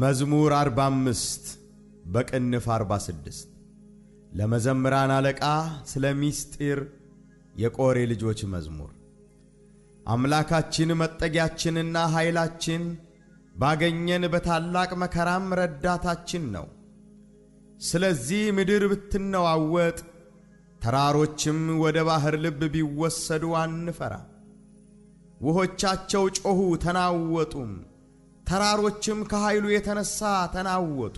መዝሙር 45 በቅንፍ 46 ለመዘምራን አለቃ ስለ ሚስጢር የቆሬ ልጆች መዝሙር። አምላካችን መጠጊያችንና ኃይላችን፣ ባገኘን በታላቅ መከራም ረዳታችን ነው። ስለዚህ ምድር ብትነዋወጥ፣ ተራሮችም ወደ ባህር ልብ ቢወሰዱ አንፈራ። ውሆቻቸው ጮኹ ተናወጡም ተራሮችም ከኃይሉ የተነሳ ተናወጡ።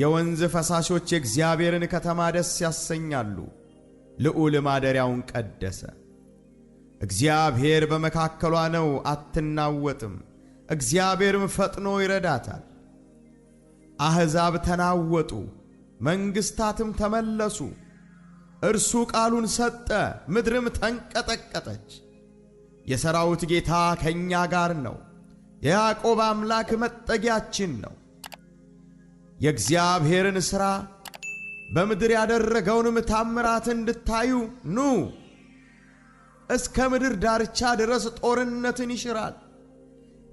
የወንዝ ፈሳሾች የእግዚአብሔርን ከተማ ደስ ያሰኛሉ፣ ልዑል ማደሪያውን ቀደሰ። እግዚአብሔር በመካከሏ ነው፣ አትናወጥም፤ እግዚአብሔርም ፈጥኖ ይረዳታል። አሕዛብ ተናወጡ፣ መንግሥታትም ተመለሱ። እርሱ ቃሉን ሰጠ፣ ምድርም ተንቀጠቀጠች። የሠራዊት ጌታ ከእኛ ጋር ነው የያዕቆብ አምላክ መጠጊያችን ነው። የእግዚአብሔርን ሥራ በምድር ያደረገውንም ታምራት እንድታዩ ኑ። እስከ ምድር ዳርቻ ድረስ ጦርነትን ይሽራል፣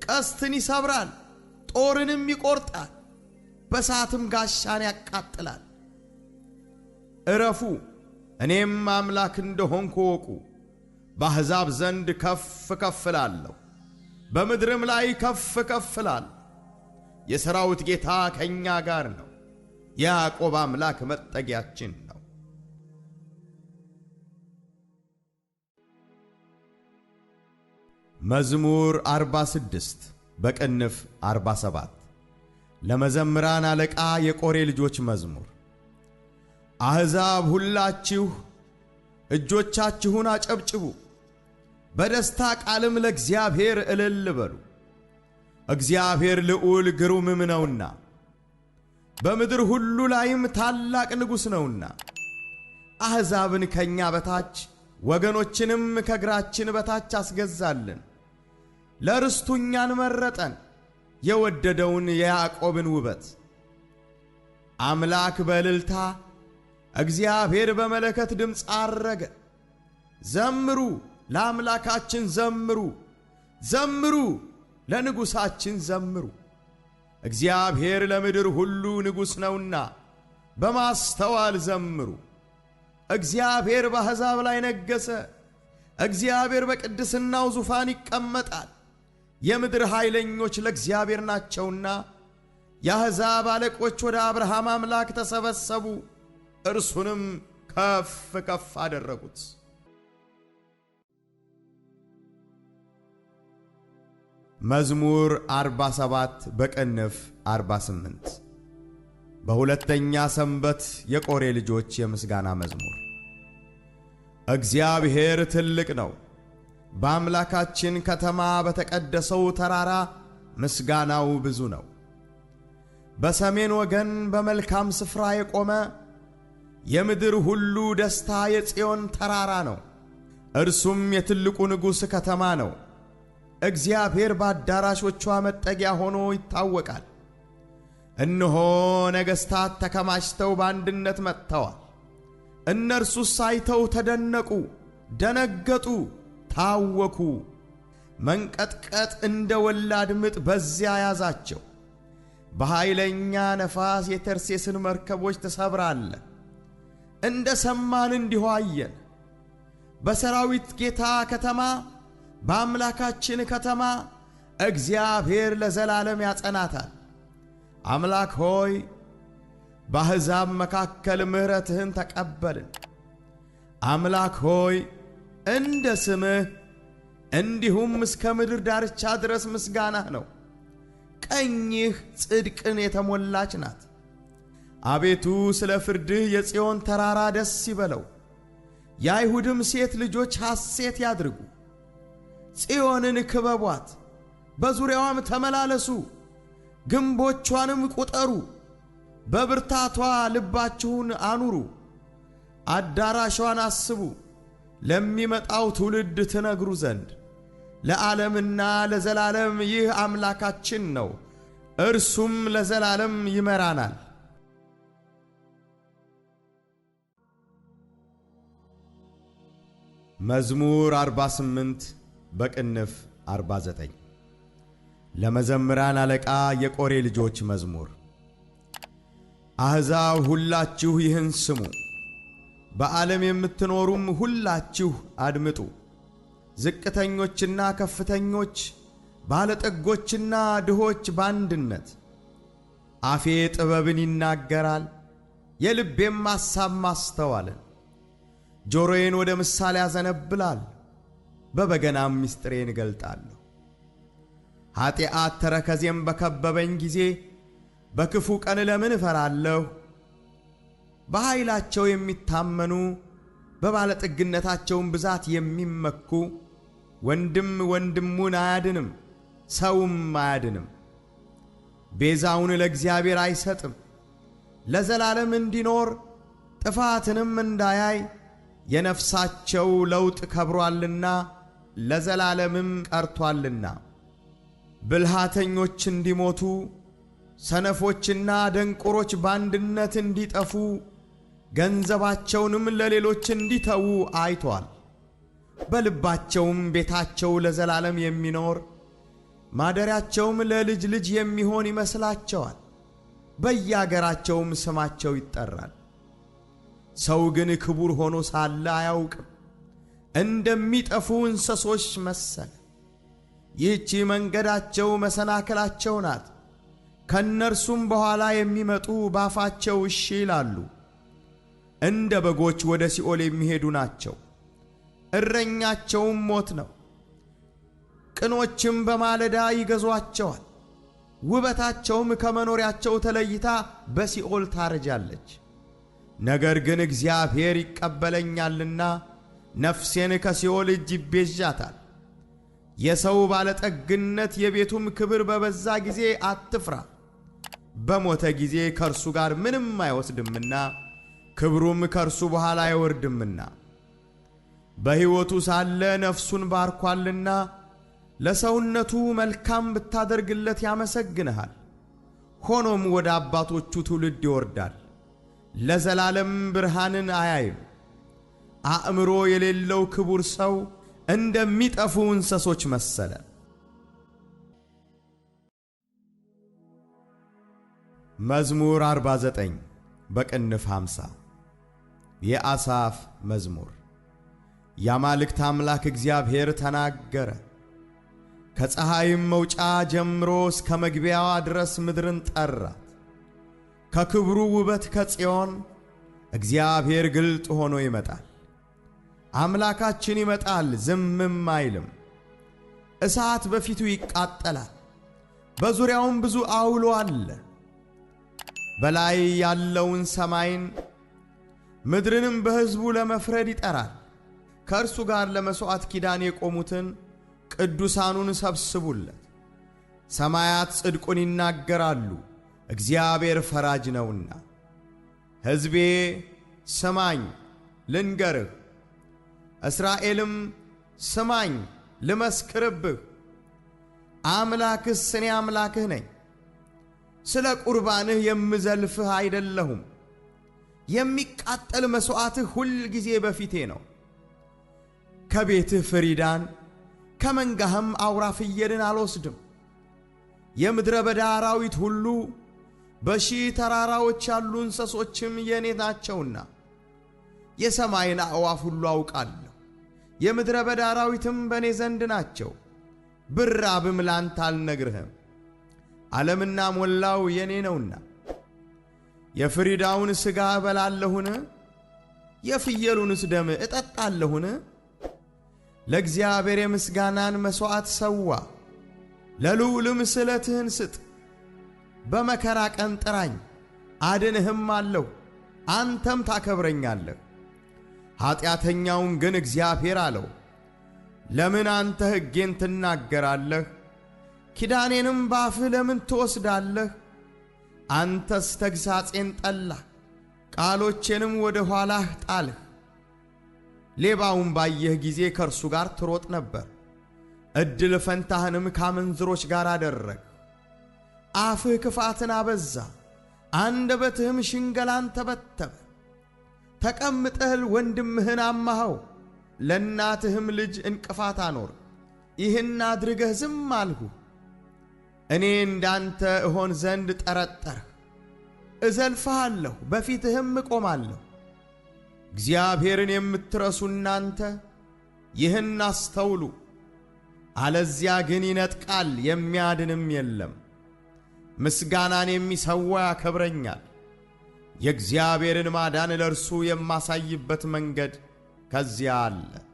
ቀስትን ይሰብራል፣ ጦርንም ይቆርጣል፣ በሳትም ጋሻን ያቃጥላል። እረፉ፣ እኔም አምላክ እንደሆንኩ ወቁ። በአሕዛብ ዘንድ ከፍ ከፍላለሁ። በምድርም ላይ ከፍ ከፍ ላል። የሰራዊት ጌታ ከእኛ ጋር ነው። የያዕቆብ አምላክ መጠጊያችን ነው። መዝሙር 46 በቅንፍ 47 ለመዘምራን አለቃ የቆሬ ልጆች መዝሙር። አሕዛብ ሁላችሁ እጆቻችሁን አጨብጭቡ በደስታ ቃልም ለእግዚአብሔር እልል በሉ። እግዚአብሔር ልዑል ግሩምም ነውና በምድር ሁሉ ላይም ታላቅ ንጉሥ ነውና። አሕዛብን ከእኛ በታች ወገኖችንም ከእግራችን በታች አስገዛልን። ለርስቱ እኛን መረጠን፣ የወደደውን የያዕቆብን ውበት። አምላክ በእልልታ እግዚአብሔር በመለከት ድምፅ አረገ! ዘምሩ ለአምላካችን ዘምሩ፣ ዘምሩ፣ ለንጉሳችን ዘምሩ። እግዚአብሔር ለምድር ሁሉ ንጉስ ነውና በማስተዋል ዘምሩ። እግዚአብሔር በአሕዛብ ላይ ነገሰ እግዚአብሔር በቅድስናው ዙፋን ይቀመጣል። የምድር ኃይለኞች ለእግዚአብሔር ናቸውና የአሕዛብ አለቆች ወደ አብርሃም አምላክ ተሰበሰቡ፣ እርሱንም ከፍ ከፍ አደረጉት። መዝሙር 47 በቅንፍ 48 በሁለተኛ ሰንበት የቆሬ ልጆች የምስጋና መዝሙር። እግዚአብሔር ትልቅ ነው፤ በአምላካችን ከተማ በተቀደሰው ተራራ ምስጋናው ብዙ ነው። በሰሜን ወገን በመልካም ስፍራ የቆመ የምድር ሁሉ ደስታ የጽዮን ተራራ ነው፤ እርሱም የትልቁ ንጉሥ ከተማ ነው። እግዚአብሔር በአዳራሾቿ መጠጊያ ሆኖ ይታወቃል። እነሆ ነገሥታት ተከማችተው በአንድነት መጥተዋል። እነርሱ ሳይተው ተደነቁ፣ ደነገጡ፣ ታወኩ። መንቀጥቀጥ እንደ ወላድ ምጥ በዚያ ያዛቸው። በኃይለኛ ነፋስ የተርሴስን መርከቦች ትሰብራለህ። እንደ ሰማን እንዲሁ አየን። በሰራዊት ጌታ ከተማ በአምላካችን ከተማ እግዚአብሔር ለዘላለም ያጸናታል። አምላክ ሆይ በአሕዛብ መካከል ምሕረትህን ተቀበልን። አምላክ ሆይ እንደ ስምህ እንዲሁም እስከ ምድር ዳርቻ ድረስ ምስጋናህ ነው። ቀኝህ ጽድቅን የተሞላች ናት። አቤቱ ስለ ፍርድህ የጽዮን ተራራ ደስ ይበለው፣ የአይሁድም ሴት ልጆች ሐሴት ያድርጉ። ጽዮንን ክበቧት፣ በዙሪያዋም ተመላለሱ፣ ግንቦቿንም ቁጠሩ። በብርታቷ ልባችሁን አኑሩ፣ አዳራሿን አስቡ፣ ለሚመጣው ትውልድ ትነግሩ ዘንድ። ለዓለምና ለዘላለም ይህ አምላካችን ነው፣ እርሱም ለዘላለም ይመራናል። መዝሙር 48 በቅንፍ 49 ለመዘምራን አለቃ የቆሬ ልጆች መዝሙር። አሕዛብ ሁላችሁ ይህን ስሙ፣ በዓለም የምትኖሩም ሁላችሁ አድምጡ። ዝቅተኞችና ከፍተኞች፣ ባለጠጎችና ድሆች በአንድነት አፌ ጥበብን ይናገራል፣ የልቤም ሐሳብ ማስተዋልን። ጆሮዬን ወደ ምሳሌ ያዘነብላል በበገናም ምስጢሬን እገልጣለሁ። ኃጢአት ተረከዜም በከበበኝ ጊዜ በክፉ ቀን ለምን እፈራለሁ? በኃይላቸው የሚታመኑ በባለጠግነታቸውም ብዛት የሚመኩ ወንድም ወንድሙን አያድንም፣ ሰውም አያድንም። ቤዛውን ለእግዚአብሔር አይሰጥም። ለዘላለም እንዲኖር ጥፋትንም እንዳያይ የነፍሳቸው ለውጥ ከብሮአልና ለዘላለምም ቀርቷልና ብልሃተኞች እንዲሞቱ ሰነፎችና ደንቆሮች በአንድነት እንዲጠፉ ገንዘባቸውንም ለሌሎች እንዲተዉ አይቷል። በልባቸውም ቤታቸው ለዘላለም የሚኖር ማደሪያቸውም ለልጅ ልጅ የሚሆን ይመስላቸዋል። በየአገራቸውም ስማቸው ይጠራል። ሰው ግን ክቡር ሆኖ ሳለ አያውቅም። እንደሚጠፉ እንስሶች መሰለ። ይህቺ መንገዳቸው መሰናክላቸው ናት። ከእነርሱም በኋላ የሚመጡ ባፋቸው እሺ ይላሉ። እንደ በጎች ወደ ሲኦል የሚሄዱ ናቸው፣ እረኛቸውም ሞት ነው። ቅኖችም በማለዳ ይገዟቸዋል፣ ውበታቸውም ከመኖሪያቸው ተለይታ በሲኦል ታረጃለች። ነገር ግን እግዚአብሔር ይቀበለኛልና ነፍሴን ከሲኦል እጅ ይቤዣታል። የሰው ባለጠግነት የቤቱም ክብር በበዛ ጊዜ አትፍራ። በሞተ ጊዜ ከእርሱ ጋር ምንም አይወስድምና ክብሩም ከእርሱ በኋላ አይወርድምና በሕይወቱ ሳለ ነፍሱን ባርኳልና ለሰውነቱ መልካም ብታደርግለት ያመሰግንሃል። ሆኖም ወደ አባቶቹ ትውልድ ይወርዳል፣ ለዘላለም ብርሃንን አያይም። አእምሮ የሌለው ክቡር ሰው እንደሚጠፉ እንስሶች መሰለ። መዝሙር 49 በቅንፍ 50 የአሳፍ መዝሙር። የአማልክት አምላክ እግዚአብሔር ተናገረ። ከፀሐይም መውጫ ጀምሮ እስከ መግቢያዋ ድረስ ምድርን ጠራት። ከክብሩ ውበት ከጽዮን እግዚአብሔር ግልጥ ሆኖ ይመጣል። አምላካችን ይመጣል፣ ዝምም አይልም። እሳት በፊቱ ይቃጠላል፣ በዙሪያውም ብዙ አውሎ አለ። በላይ ያለውን ሰማይን ምድርንም በሕዝቡ ለመፍረድ ይጠራል። ከእርሱ ጋር ለመሥዋዕት ኪዳን የቆሙትን ቅዱሳኑን ሰብስቡለት። ሰማያት ጽድቁን ይናገራሉ፣ እግዚአብሔር ፈራጅ ነውና። ሕዝቤ ስማኝ ልንገርህ እስራኤልም ስማኝ ልመስክርብህ፣ አምላክስ እኔ አምላክህ ነኝ። ስለ ቁርባንህ የምዘልፍህ አይደለሁም። የሚቃጠል መሥዋዕትህ ሁል ጊዜ በፊቴ ነው። ከቤትህ ፍሪዳን ከመንጋህም አውራ ፍየልን አልወስድም። የምድረ በዳ አራዊት ሁሉ በሺህ ተራራዎች ያሉ እንስሶችም የእኔ ናቸውና የሰማይን አዕዋፍ ሁሉ አውቃለሁ። የምድረ በዳ አራዊትም በእኔ ዘንድ ናቸው። ብራብም ላንተ አልነግርህም፣ ዓለምና ሞላው የእኔ ነውና። የፍሪዳውን ሥጋ እበላለሁን? የፍየሉንስ ደም እጠጣለሁን? ለእግዚአብሔር የምስጋናን መሥዋዕት ሰዋ፣ ለልዑልም ስለትህን ስጥ። በመከራ ቀን ጥራኝ አድንህም አለሁ፣ አንተም ታከብረኛለህ። ኃጢአተኛውን ግን እግዚአብሔር አለው፣ ለምን አንተ ሕጌን ትናገራለህ? ኪዳኔንም ባፍህ ለምን ትወስዳለህ? አንተስ ተግሣጼን ጠላህ፣ ቃሎቼንም ወደ ኋላህ ጣልህ። ሌባውን ባየህ ጊዜ ከእርሱ ጋር ትሮጥ ነበር፣ ዕድል ፈንታህንም ካመንዝሮች ጋር አደረግ። አፍህ ክፋትን አበዛ፣ አንደበትህም ሽንገላን ተበተበ። ተቀምጠህል ወንድምህን አማኸው፣ ለእናትህም ልጅ እንቅፋት አኖር። ይህን አድርገህ ዝም አልሁህ። እኔ እንዳንተ እሆን ዘንድ ጠረጠርህ። እዘልፍሃለሁ፣ በፊትህም እቆማለሁ። እግዚአብሔርን የምትረሱ እናንተ ይህን አስተውሉ፤ አለዚያ ግን ይነጥቃል፣ የሚያድንም የለም። ምስጋናን የሚሰዋ ያከብረኛል የእግዚአብሔርን ማዳን ለእርሱ የማሳይበት መንገድ ከዚያ አለ።